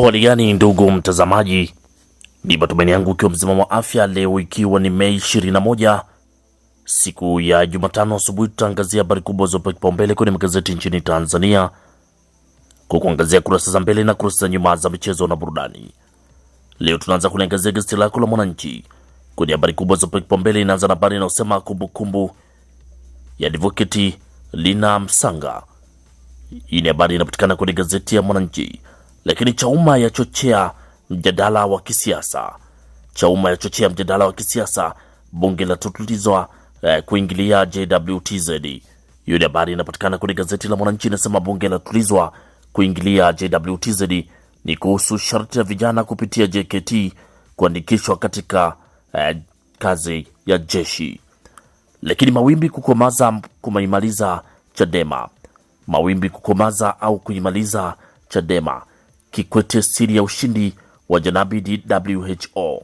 gani ndugu mtazamaji, ni matumaini yangu ukiwa mzima wa afya leo, ikiwa ni Mei 21 siku ya Jumatano asubuhi, tutaangazia habari kubwa zopewa kipaumbele kwenye magazeti nchini Tanzania kwa kuangazia kurasa za mbele na kurasa za nyuma za michezo na burudani. Leo tunaanza kuliangazia gazeti lako la Mwananchi kwenye habari kubwa zopewa kipaumbele. Inaanza na habari inayosema kumbukumbu ya advoketi Lina Msanga. Hii ni habari inapatikana kwenye gazeti ya Mwananchi. Lakini Chauma yachochea mjadala wa kisiasa. Chauma yachochea mjadala wa kisiasa. Bunge la tutulizwa eh, kuingilia JWTZ. Hiyo ni habari inapatikana kwenye gazeti la Mwananchi, inasema bunge la tutulizwa kuingilia JWTZ ni kuhusu sharti ya vijana kupitia JKT kuandikishwa katika eh, kazi ya jeshi. Lakini mawimbi kukomaza kumaimaliza Chadema, mawimbi kukomaza au kuimaliza Chadema. Kikwete siri ya ushindi wa Janabi WHO.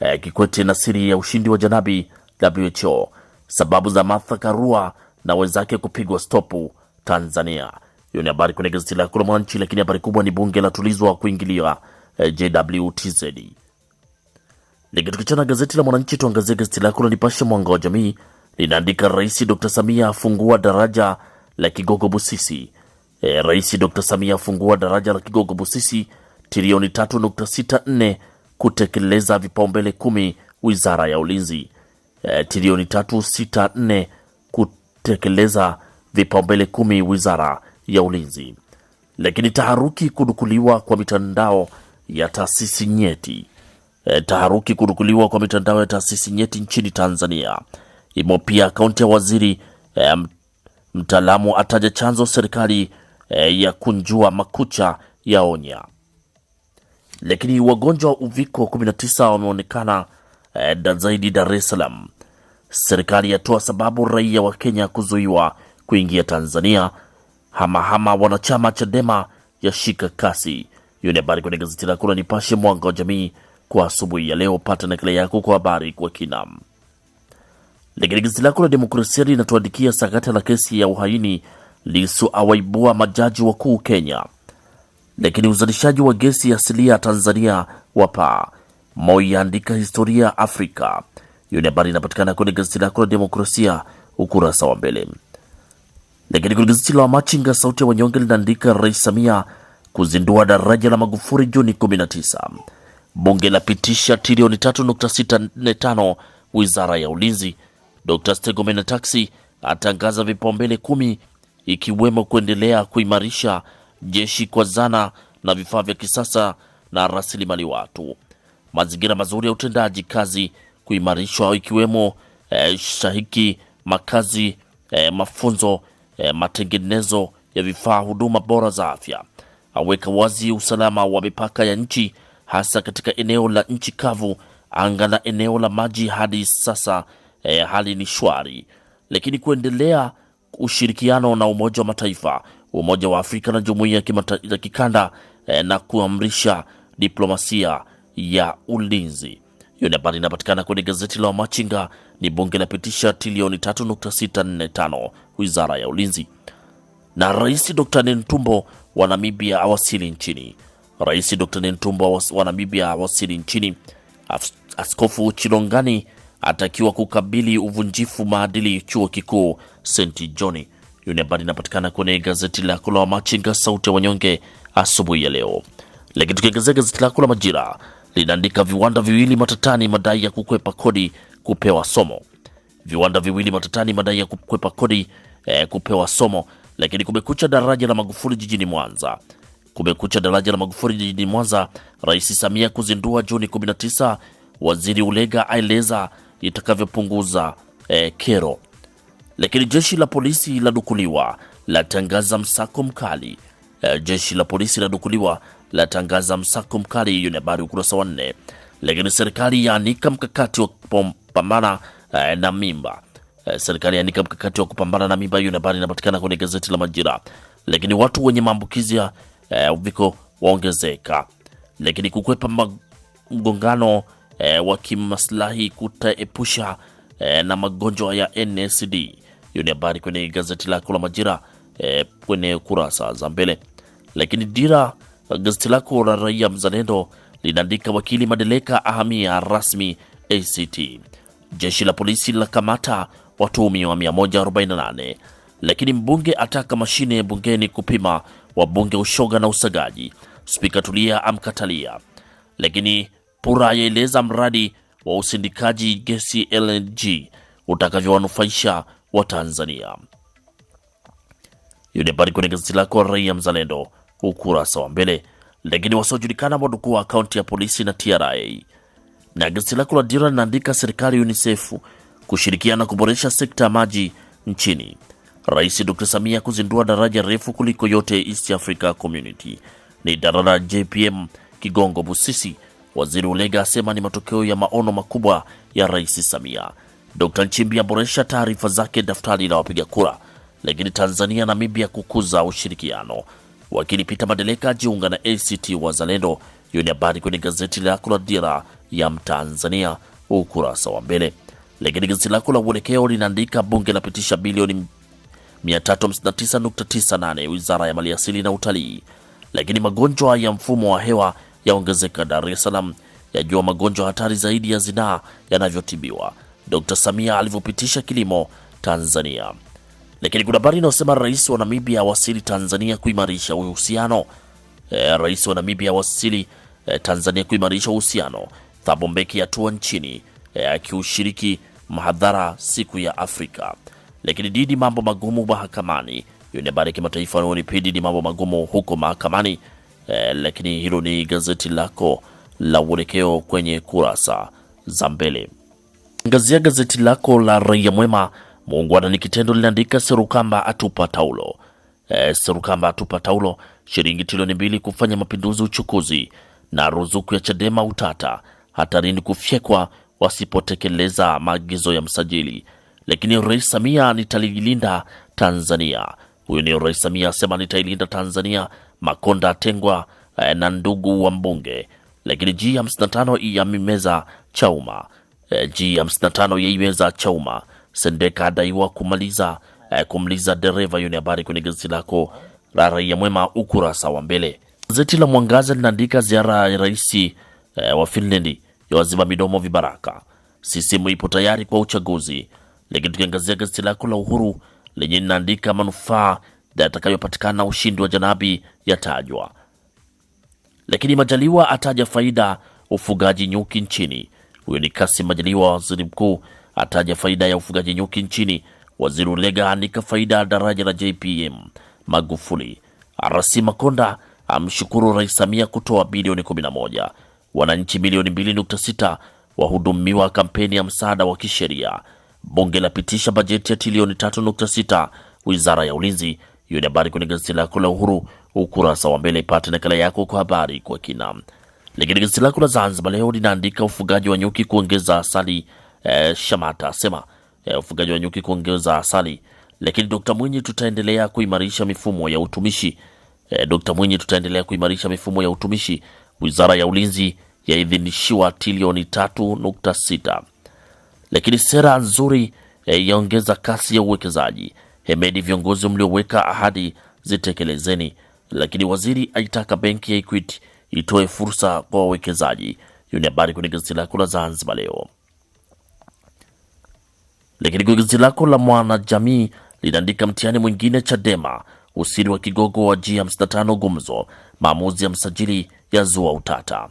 E, Kikwete na siri ya ushindi wa Janabi WHO, sababu za Martha Karua na wenzake kupigwa stopu Tanzania. Hiyo ni habari kwenye gazeti la la Mwananchi, lakini habari kubwa ni bunge la tulizwa kuingilia e, JWTZ. Nikitukichana gazeti la Mwananchi, tuangazie gazeti lako la Nipashe Mwanga wa Jamii, linaandika Rais Dr. Samia afungua daraja la Kigogo Busisi E, Rais Dr. Samia afungua daraja la Kigongo Busisi trilioni 3.64 kutekeleza vipaumbele kumi wizara ya ulinzi. E, trilioni 364 kutekeleza vipaumbele kumi wizara ya ulinzi. Lakini taharuki kunukuliwa kwa mitandao ya taasisi nyeti. E, taharuki kunukuliwa kwa mitandao ya taasisi nyeti nchini Tanzania imo pia akaunti ya waziri e, mtaalamu ataja chanzo serikali Eh, ya kunjua makucha yaonya. Lakini wagonjwa wa uviko 19 wameonekana eh, da zaidi Dar es Salaam. Serikali yatoa sababu raia wa Kenya kuzuiwa kuingia Tanzania. Hamahama wanachama Chadema yashika kasi. Hiyo ni habari kwenye gazeti lako la Nipashe Mwanga wa Jamii kwa asubuhi ya leo. Pata nakala yako kwa habari kwa kina. Lakini gazeti lako la Demokrasia linatuandikia sakata la kesi ya uhaini Lisu awaibua majaji wakuu Kenya. Lakini uzalishaji wa gesi asilia Tanzania wapaa. Moi yaandika historia Afrika. Hiyo ni habari inapatikana kwenye gazeti lako la Demokrasia ukurasa wa mbele. Lakini kwenye gazeti la Wamachinga sauti ya wanyonge linaandika Rais Samia kuzindua daraja la Magufuri Juni 19. Bunge lapitisha trilioni 3.645 wizara ya ulinzi. Dr Stegomena Taxi atangaza vipaumbele kumi ikiwemo kuendelea kuimarisha jeshi kwa zana na vifaa vya kisasa na rasilimali watu, mazingira mazuri ya utendaji kazi kuimarishwa ikiwemo e, shahiki makazi e, mafunzo e, matengenezo ya vifaa, huduma bora za afya. Aweka wazi usalama wa mipaka ya nchi hasa katika eneo la nchi kavu, anga na eneo la maji. Hadi sasa e, hali ni shwari, lakini kuendelea ushirikiano na Umoja wa Mataifa, Umoja wa Afrika na jumuiya ya kikanda e, na kuamrisha diplomasia ya ulinzi. Hiyo ni habari inapatikana kwenye gazeti la Wamachinga. Ni bunge lapitisha trilioni 3.645 wizara ya ulinzi. Na Rais Dr. Nentumbo wa Namibia awasili nchini. Rais Dr. Nentumbo wa Namibia awasili nchini. Askofu Chilongani atakiwa kukabili uvunjifu maadili chuo kikuu St John. Hiyo ni habari inapatikana kwenye gazeti lako la Wamachinga, sauti ya wanyonge, asubuhi ya leo. Lakini tukiangazia gazeti lako la Majira linaandika viwanda viwili matatani, madai ya kukwepa kodi kupewa somo. Viwanda viwili matatani, madai ya kukwepa kodi eh, kupewa somo. Lakini kumekucha daraja la Magufuli jijini Mwanza. Kumekucha daraja la Magufuli jijini Mwanza, Rais Samia kuzindua Juni 19. Waziri Ulega aeleza itakavyopunguza e, kero. Lakini jeshi la polisi la dukuliwa latangaza msako mkali e, jeshi la polisi la dukuliwa latangaza msako mkali. Hiyo ni habari ukurasa wa nne. Lakini serikali yaanika mkakati wa kupambana e, na mimba e, serikali yaanika mkakati wa kupambana na mimba. Hiyo ni habari inapatikana kwenye gazeti la Majira. Lakini watu wenye maambukizi ya e, uviko waongezeka, lakini kukwepa mgongano e, wa kimaslahi kutaepusha e, na magonjwa ya NSD. Hiyo ni habari kwenye gazeti lako la Majira e, kwenye kurasa za mbele. Lakini Dira, gazeti lako la Raia Mzalendo linaandika wakili Madeleka ahamia rasmi ACT. Jeshi la polisi la kamata watuhumiwa 148 lakini mbunge ataka mashine bungeni kupima wabunge ushoga na usagaji. Spika Tulia amkatalia. Lakini Pura yaeleza mradi wa usindikaji gesi LNG utakavyowanufaisha wa Tanzania. Hiyo ni habari kwenye gazeti lako Raia Mzalendo ukurasa wa mbele, lakini wasiojulikana wadukua akaunti ya polisi na TRA. Na gazeti lako la Dira linaandika serikali UNICEF kushirikiana kuboresha sekta ya maji nchini. Rais Dr. Samia kuzindua daraja refu kuliko yote East Africa Community. Ni daraja JPM Kigongo Busisi Waziri Ulega asema ni matokeo ya maono makubwa ya Rais Samia. Dr. Nchimbi aboresha taarifa zake daftari la wapiga kura. Lakini Tanzania Namibia kukuza ushirikiano. Wakili Peter Madeleka ajiunga na ACT Wazalendo. Hiyo ni habari kwenye gazeti lako la Dira ya Mtanzania ukurasa wa mbele. Lakini gazeti lako la Uelekeo linaandika bunge lapitisha bilioni 359.98 wizara ya maliasili na utalii. Lakini magonjwa ya mfumo wa hewa yaongezeka Dar es Salaam, yajua magonjwa hatari zaidi ya zinaa yanavyotibiwa, Dr. Samia alivyopitisha kilimo Tanzania. Lakini kuna habari inayosema rais wa Namibia wasili Tanzania kuimarisha uhusiano. E, rais wa Namibia wasili e, eh, Tanzania kuimarisha uhusiano. Thabo Mbeki atua nchini e, akiushiriki mahadhara siku ya Afrika. Lakini Didi mambo magumu mahakamani. Hiyo ni habari kimataifa. Ni Didi mambo magumu huko mahakamani eh, lakini hilo ni gazeti lako la uelekeo kwenye kurasa za mbele. Angazia gazeti lako la Raia Mwema. Muungwana ni kitendo linaandika Serukamba atupa taulo. E, Serukamba atupa taulo, shilingi trilioni mbili kufanya mapinduzi uchukuzi, na ruzuku ya Chadema utata, hatarini kufyekwa wasipotekeleza maagizo ya msajili. Lakini Rais Samia, nitalilinda Tanzania. Huyu ni Rais Samia asema nitailinda Tanzania Makonda atengwa e, eh, na ndugu wa mbunge. Lakini G55 yaimeza Chauma e, G55 yaimeza Chauma. Sendeka adaiwa kumaliza e, kumliza dereva. Hiyo ni habari kwenye gazeti lako la Raia Mwema ukurasa wa mbele. Gazeti la Mwangaza linaandika ziara ya rais e, wa Finland yawaziba midomo vibaraka. CCM ipo tayari kwa uchaguzi. Lakini tukiangazia gazeti lako la Uhuru lenye linaandika manufaa yatakayopatikana ushindi wa Janabi yatajwa, lakini Majaliwa ataja faida ufugaji nyuki nchini. Huyo ni Kassim Majaliwa, waziri mkuu, ataja faida ya ufugaji nyuki nchini. Waziri Ulega anika faida daraja la JPM Magufuli. RC Makonda amshukuru Rais Samia kutoa bilioni 11. Wananchi milioni 2.6 wahudumiwa kampeni ya msaada wa kisheria. Bunge lapitisha bajeti ya trilioni 3.6 wizara ya ulinzi hiyo ni habari kwenye gazeti lako la Uhuru ukurasa wa mbele, ipate nakala yako kwa habari kwa kina. Lakini gazeti lako la Zanzibar Leo linaandika ufugaji wa nyuki kuongeza asali. e, Shamata asema e, ufugaji wa nyuki kuongeza asali. Lakini Dr. Mwinyi, tutaendelea kuimarisha mifumo ya utumishi e, eh, Dr. Mwinyi, tutaendelea kuimarisha mifumo ya utumishi. Wizara ya Ulinzi yaidhinishiwa trilioni 3.6. Lakini sera nzuri yaongeza kasi ya uwekezaji Hemeni viongozi mlioweka ahadi, zitekelezeni. Lakini waziri aitaka benki ya Equity itoe fursa kwa wawekezaji. Hiyo ni habari kwenye gazeti lako la Zanzibar Leo. Lakini kwenye gazeti lako la Mwanajamii linaandika mtihani mwingine Chadema, usiri wa kigogo wa G55 gumzo, maamuzi ya msajili ya zua utata.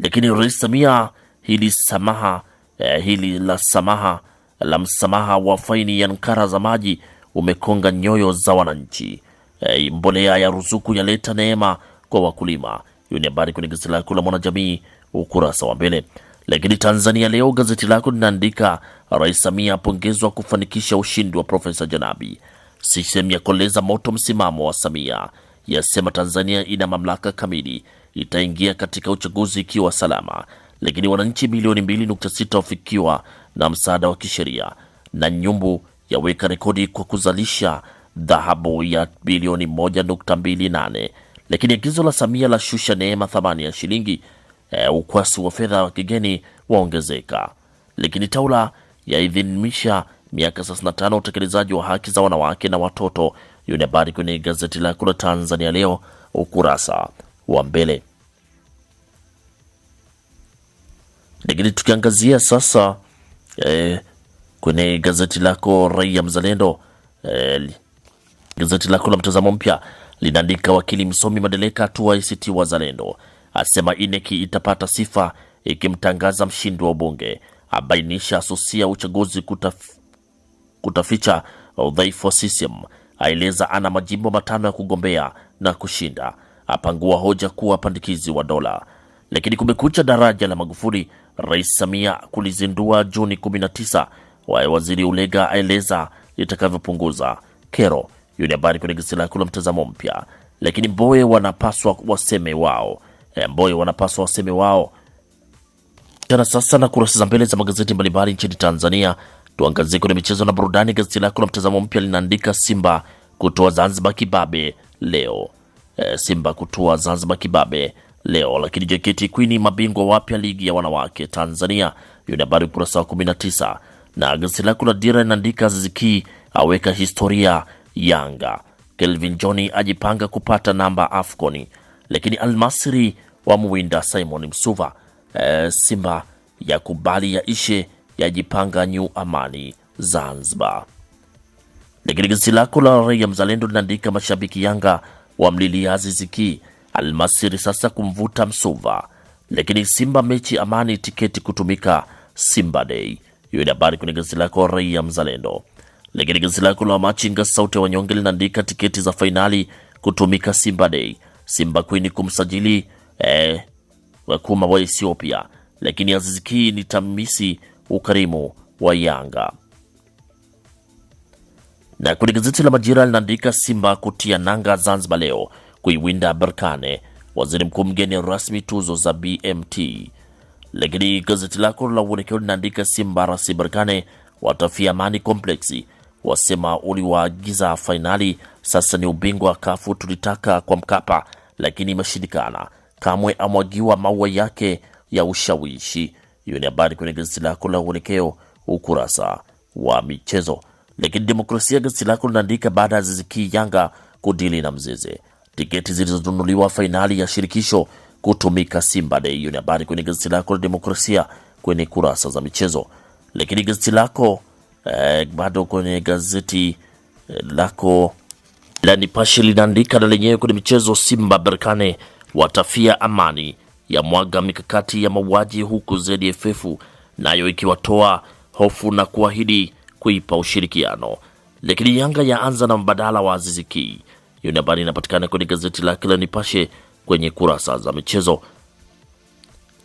Lakini Rais Samia hili samaha, eh, hili la samaha la msamaha wa faini ya nkara za maji umekonga nyoyo za wananchi. E, mbolea ya ruzuku yaleta neema kwa wakulima. Hiyo ni habari kwenye gazeti lako la Mwanajamii ukurasa wa mbele. Lakini Tanzania Leo gazeti lako linaandika Rais Samia apongezwa kufanikisha ushindi wa Profesa Janabi. Sisem ya moto msimamo wa Samia, yasema Tanzania ina mamlaka kamili, itaingia katika uchaguzi ikiwa salama. Lakini wananchi milioni 2.6 wafikiwa na msaada wa kisheria na nyumbu yaweka rekodi kwa kuzalisha dhahabu ya bilioni 1.28, lakini agizo la Samia la shusha neema thamani ya shilingi e, ukwasi wa fedha wa kigeni waongezeka. Lakini Taula yaidhinisha miaka 35 utekelezaji wa haki za wanawake na watoto. Hiyo ni habari kwenye gazeti la la Tanzania Leo ukurasa wa mbele. Lakini tukiangazia sasa eh, kwenye gazeti lako Raia Mzalendo eh, gazeti lako la mtazamo mpya linaandika wakili msomi Madeleka atua ACT Wazalendo, asema ineki e itapata sifa ikimtangaza mshindi wa ubunge, abainisha asusia uchaguzi kutaf, kutaficha udhaifu wa CCM, aeleza ana majimbo matano ya kugombea na kushinda, apangua hoja kuwa pandikizi wa dola. Lakini kumekucha daraja la Magufuli, Rais Samia kulizindua Juni 19 Waziri Ulega aeleza itakavyopunguza kero. Hiyo ni habari kwenye gazeti lako la Mtazamo Mpya. Lakini Mbowe wanapaswa waseme wao, eh, Mbowe wanapaswa waseme wao. Tena sasa na kurasa za mbele za magazeti mbalimbali nchini Tanzania, tuangazie kwenye michezo na burudani. Gazeti lako la Mtazamo Mpya linaandika Simba kutoa Zanzibar kibabe leo, eh, Simba kutoa Zanzibar kibabe leo. Lakini JKT Queen mabingwa wapya ligi ya wanawake Tanzania, hiyo ni habari ukurasa wa 19 na gazeti lako la Dira inaandika ziki aweka historia Yanga, Kelvin John ajipanga kupata namba Afcon, lakini Almasri wa muwinda Simon Msuva. E, Simba ya kubali ya ishe yajipanga New Amani Zanzibar. Lakini gazeti lako la Raia Mzalendo linaandika mashabiki Yanga wa mlilia Ki, Almasiri sasa kumvuta Msuva. Lakini Simba mechi Amani tiketi kutumika Simba Day. Hiyo ni habari kwenye gazeti lako Raia Mzalendo. Lakini gazeti lako la Machinga Sauti ya Wanyonge linaandika tiketi za fainali kutumika Simba Day, Simba Queen kumsajili eh, Wakuma wa Ethiopia, lakini Aziz ni tamisi ukarimu wa Yanga. Na kwenye gazeti la Majira linaandika Simba kutia nanga Zanzibar leo kuiwinda Berkane, waziri mkuu mgeni rasmi tuzo za BMT. Lakini gazeti lako la Uelekeo linaandika Simba RS Berkane watafia Amani kompleksi, wasema uliwaagiza fainali, sasa ni ubingwa kafu, tulitaka kwa Mkapa lakini imeshindikana. Kamwe amwagiwa maua yake ya ushawishi. Hiyo ni habari kwenye gazeti lako la Uelekeo ukurasa wa michezo. Lakini Demokrasia gazeti lako linaandika baada ya Ziziki Yanga kudili na mzeze tiketi zilizonunuliwa fainali ya shirikisho kutumika Simba Day. Hiyo ni habari kwenye gazeti lako la Demokrasia kwenye kurasa za michezo. Lakini gazeti lako eh, bado kwenye gazeti eh, lako la Nipashe linaandika na lenyewe kwenye michezo, Simba Berkane watafia amani ya mwaga mikakati ya mauaji, huku ZFF nayo ikiwatoa hofu na kuahidi kuipa ushirikiano. Lakini Yanga yaanza na mbadala wa Aziziki. Hiyo ni habari inapatikana kwenye gazeti lake la Nipashe kwenye kurasa za michezo.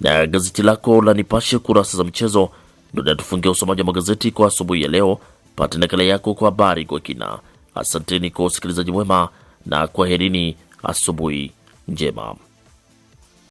Na gazeti lako la Nipashe kurasa za michezo ndio linatufungia usomaji wa magazeti kwa asubuhi ya leo. Pata nakala yako kwa habari kwa kina. Asanteni kwa usikilizaji mwema na kwaherini, asubuhi njema.